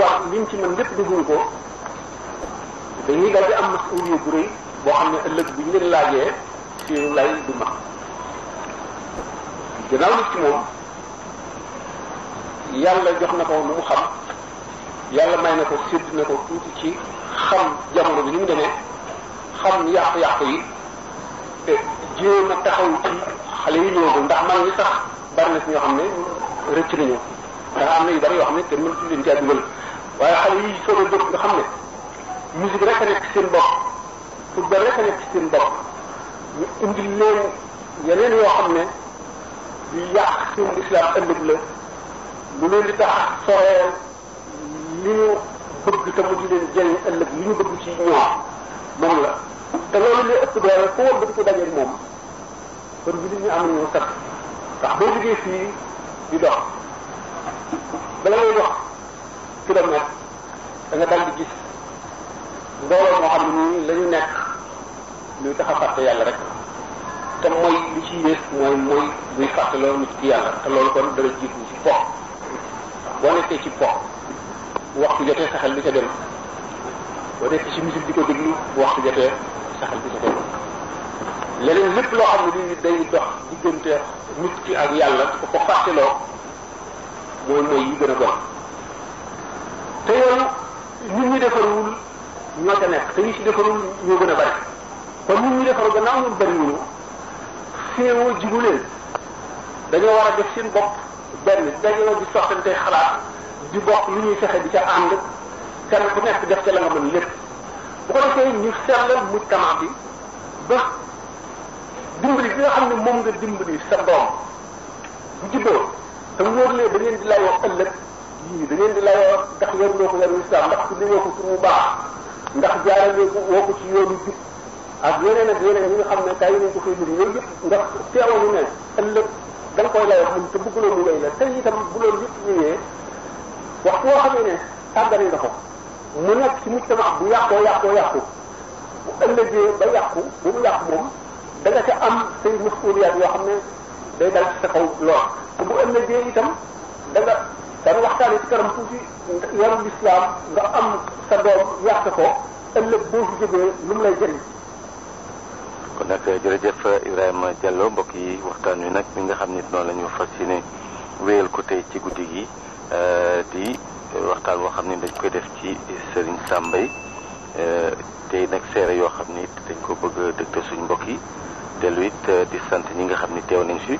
wax liñ ci mën lépp dugguñu ko dañuy dal di am masuuliya bu rëy boo xam ne ëllëg bi ñu leen laajee ci lay du ma gannaaw nit ci moom yàlla jox na ko lu mu xam yàlla may na ko sédd na ko tuuti ci xam jamono bi ni mu demee xam yàq-yàq yi te jéem a taxaw ci xale yi ñëwagul ndax man ñi sax bari na si ñoo xam ne rëcc nañu ndax am na yu bari yoo xam ne te mënut leen caa dugal waaye xale yi soog a jóg nga xam ne musique rek a nekk seen bopp football rek a nekk seen bopp ñu indi leen yeneen yoo xam ne yu yàq seen islam ëllëg la lu leen di tax soree li ñu bëgg te mu di leen jëriñ ëllëg li ñu bëgg ci ñoom moom la te loolu li ëpp doole ku wër bëgg ko dajeeg moom kon bi ñu am ñu sax ndax boo liggéey fii di dox bala ngay dox kilomètre da dal di gis mbooloo moo xam ni nii nekk luy taxa a fàtte yàlla rek te mooy li ci yées mooy mooy luy fàtte loolu nit ci yàlla te loolu kon dara jiitu ci po boo nekkee ci po waxtu jotee saxel bi ca dem boo nekkee ci musique bu waxtu jotee saxel bi ca dem leneen lépp loo xam ne ni day dox diggante nit ki ak yàlla ko ko fàtteloo mooy mooy yi gën bon te yooyu nit ñu defarul ñoo ca nekk te ñu ci defarul ñoo gën a bari kon nit ñu defaru gannaaw ñun bariwuñu féewoo jigu leen dañoo war a def seen bopp benn dañoo di soxante xalaat di bokk lu ñuy fexe di ca ànd kenn ku nekk def ca la nga mën lépp bu ko defee ñu sellal mujtama bi ba dimbali bi nga xam ne moom nga dimbali sa doom bu juddoo te wóor lee da ngeen di layoo ëllëg yii da ngeen di layoo yarloo ko yaru islam ndax ci li ko ci mu baax ndax jaarale ko woo ko ci yoonu jub ak yeneen ak yeneen yi nga xam ne tay nañ ko koy mbir yooyu yëpp ndax teewalu ne ëllëg da nga koy lay wax te bëgguloo mu lay la te itam bu loolu yëpp ñëwee wax koo xamee ne tàggane nga ko mu nekk ci mujtama bu yàqoo yàqoo yàqu bu ëllëgee ba yàqu bu mu yàqu moom da nga ca am say masuliyaat yoo xam ne day dal ci sa kaw lool te bu ëllëgee itam da nga dana waxtaane ci kanam tuuti yaru lislaam nga am sa doom yàq ko ëllëg boo fi jógee lu mu lay jëriñ kon nag jërëjëf Ibrahima Diallo mbokk yi waxtaan wi nag mi nga xam ni noonu la ñu fas yéene wéyal ko tey ci guddi gi di waxtaan woo xam ni dañ koy def ci Serigne Sambay tey nag seere yoo xam ni dañ ko bëgg dëgte suñ mbokk yi dellu it di sant ñi nga xam ni teew nañ fi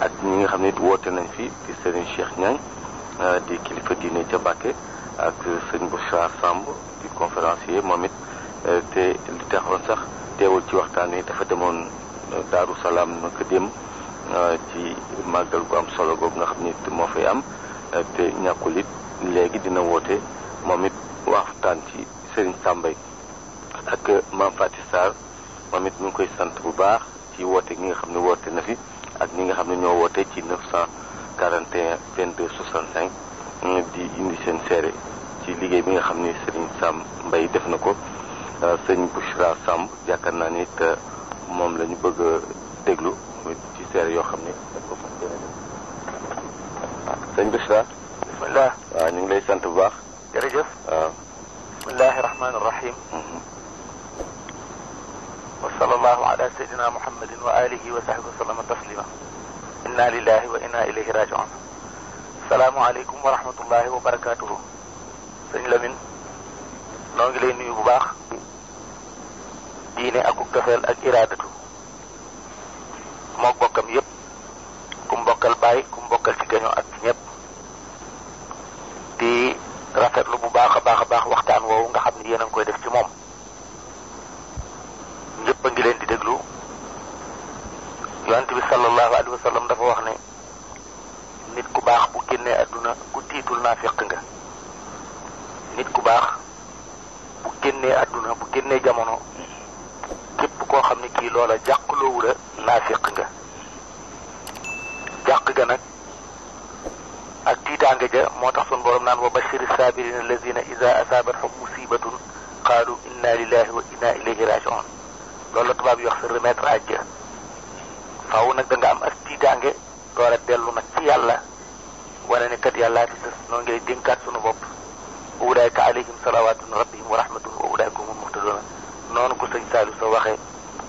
ak ñi nga xam ni woote nañ fi di Serigne Cheikh Niang Euh, di kilifa diine ca ak sëñ de Samb di conférencier moom it euh, te li taxoon sax ci waxtaan dafa demoon euh, Daaru Salaam naka ci màggal gu am solo googu nga xam fay am te ñàkkul it dina woote moom it ci Serigne ak moom it koy sant bu baax ci woote gi nga xam ne na fi ak ñi nga ne 41 22 65 di indi seen seere ci liggéey bi nga xam ni Serigne Sam Mbaye def na ko sëñ Bouchra Samb yaakaar naa ni it moom la ñu bëgg a déglu ci seere yoo xam ni dañ ko fas yéene def sëñ Bouchra. bisimilah waaw ñu ngi lay sant bu baax. jërëjëf waaw. bisimilahi rahmaani rahim. wa sallallahu ala sayyidina muhammadin wa alihi wa sahbihi wa sallama inna lillahi wa inna ilayhi rajiun salaamualeykum wa rahmatullahi wa barakaatuhu sëñ Lamine noo ngi lay nuyu bu baax diine akuk cofeel ak iraadatu mook bokkam yépp kum bokkal baay kum bokkal ci ak ñépp di rafet génnee àdduna bu génnee jamono képp koo xam ne kii loola jàqloowu la naafiq nga jàq ga nag ak tiitaange ja moo tax sun borom naan wa bashiri saabirina alladina ida asaabathum musibatun qaalu inna lillahi wa inna ilayhi rajiun loolu tubaab yi wax sa remettre à Dieu faaw nag da am as tiitaange door a dellu nag ci yàlla wane ne yàllaa fi sës noo ngi lay dénkaat sunu bopp wa ulaayka alayhim salawaatun rabbihim wa rahmatun wa ulaayka humul noonu ko sëñ Saliou sa waxee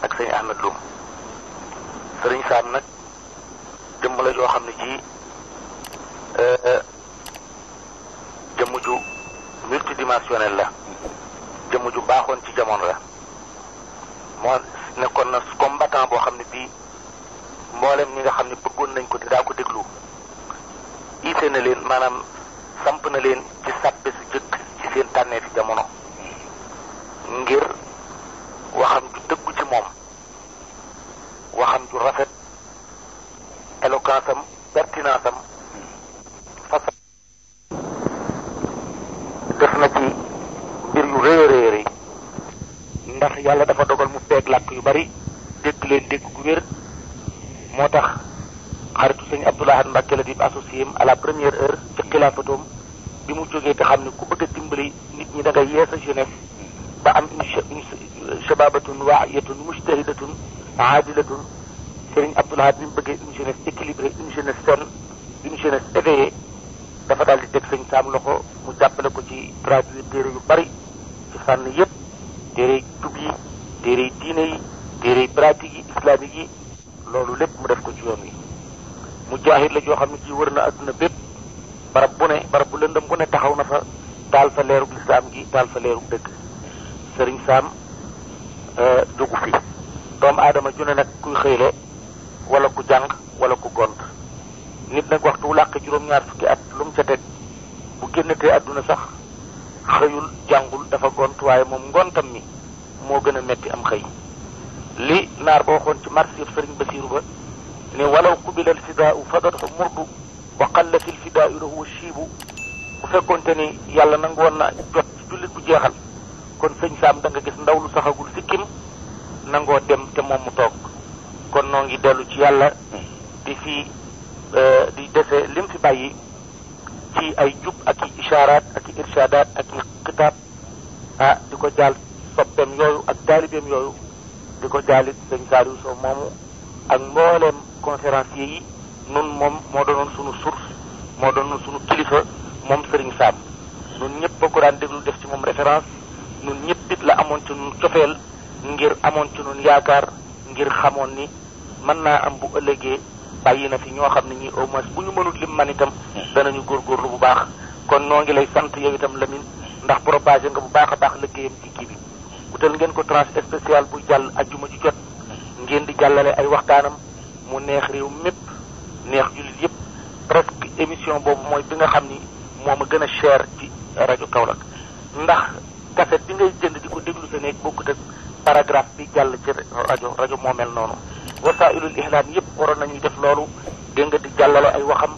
ak sëñ Ahmed Loum sëriñ Saam nag jëmm la joo xam ne ji euh, jëmm ju multidimensionnel la jëmm ju baaxoon ci jamono la moo nekkoon na combattant boo xam ne bii mboolem ñi nga xam ne bëggoon nañ ko te daa ko déglu iite na leen maanaam samp na leen ci sàppe si seen tànnee fi jamono ngir waxam ju dëggu ci moom waxam ju rafet elokaasam pertinaasam fasa def na ci mbir yu rëy rëy ndax yàlla dafa dogal mu làkk yu bari dégg leen dégg gu wér moo tax xaritu sëñ abdoulahat mbàkke la di associé à la première heure ci xilaafatoom bi mu jógee te xam ne ku bëgg a dimbali nit ñi da nga yee jeunesse ba am une shababatun waayatun mujtahidatun aadilatun sëriñ Abdoul Ahad ni mu bëggee une jeunesse équilibrée une jeunesse saine une jeunesse éveillée dafa daal di teg sëñ Saam loxo mu jàppale ko ci traduire téere yu bari ci fànn yépp téere tub yi téere diine yi téere pratique yi islamique yi loolu lépp mu def ko ci yoon wi mu jaaxit la joo xam ne ci wër na adduna bépp barab bu ne barab bu lëndëm bu ne taxaw na fa taal fa leerug lislaam gi taal fa leerug dëgg sëriñ saam jógu euh, doomu aadama ju ne nag kuy xëyle wala ku jàng wala ku gont nit nag waxtu wu làq juróom-ñaar fukki at lu mu ca teg bu génnatee àdduna sax xëyul jàngul dafa gont waaye moom ngontam mi moo gën a metti am xëy li naar ba waxoon ci mars yëpp sëriñ basiiru ba ni walaw kubilal fidaa u fadat murdu wa qalla fil fidaa'u lahu shibu bu fekkonte ni yàlla nangu woon na jot ci jullit bu jeexal kon sëñ saam da nga gis ndaw lu saxagul sikkim nangoo di di dese lim fi bàyyi ci ay jub ak i ishaaraat ak i irshadaat ak i kitaab ah di ko nun mom moo doonoon sunu source moo doonoon sunu kilifa mom sëriñ saam nun ñëpp ko daan déglu def ci moom référence nun ñëpp la amon ci nun cofeel ngir amoon ci nun yaakaar ngir ni mana naa am bu ëllëgee bàyyi na fi ñoo xam ne ñii au moins bu mënut lim man itam danañu góorgóorlu bu baax kon noo ngi lay sant yow itam lamin ndax propagé nga bu baax a baax liggéeyam ci kii bi utal ngeen ko tranche spécial buy jàll ajjuma ju jot ngeen di jàllale ay waxtaanam mu neex réew mépp neex jullit yëpp presque émission boobu mooy bi nga xam ni moo ma gën a cher ci rajo Kaolack ndax cassette bi ngay jënd di ko déglu sa néeg bokkut te paragraphe bi jàll ci rajo rajo moo mel noonu wasailul ihlam yëpp waroon nañuy def loolu dégg di jàllale ay waxam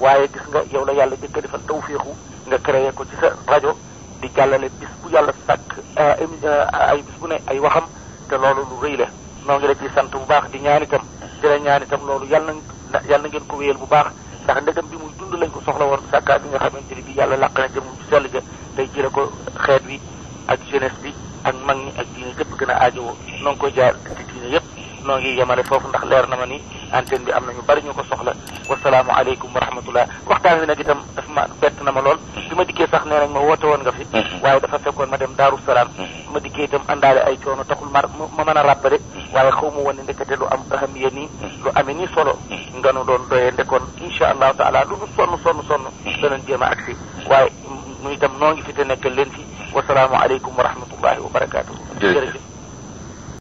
waaye gis nga yow la yàlla jëkk defal tawféexu nga créé ko ci sa rajo di jàllale bis bu yàlla sàkk euh, euh, ay bis bu ne ay waxam te loolu lu rëy la noo ngi la ciy sant bu baax di ñaan itam di la ñaan loolu yàlla nañ yàlla na ngeen ko wéyal bu baax ndax ndegam bi muy dund lañ ko soxla woon sàkkaa bi nga xamante ni bi yàlla làq na jëmum ci sell ga tey ci ko xeet wi ak jeunesse bi ak mag ñi ak diine yëpp gën a aajowoo noo ngi koy jaar ci diine yëpp noo ngi yemale foofu ndax leer na ma ni antenne bi am na ñu bari ñu ko soxla wasalaamualeykum wa rahmatullah waxtaan wi nag itam daf ma bett na ma lool bi ma dikkee sax nee nañ ma woote woon nga bi mm-hmm. waaye dafa fekkoon ma dem Daaru Salaam mm-hmm. ma dikkee itam àndaale ay coono taxul ma ma mën a rappale mm-hmm. waaye xaw ma woon ne ndekete lu am ahamiya nii lu amee nii solo nga nu doon doyee ndekoon insha allahu taala lu nu sonn sonn sonn danañ jéem a agsi waaye mu itam noo ngi fi te nekkal leen fi wasalaamu aleykum wa rahmatullahi wa barakatuh jërëjëf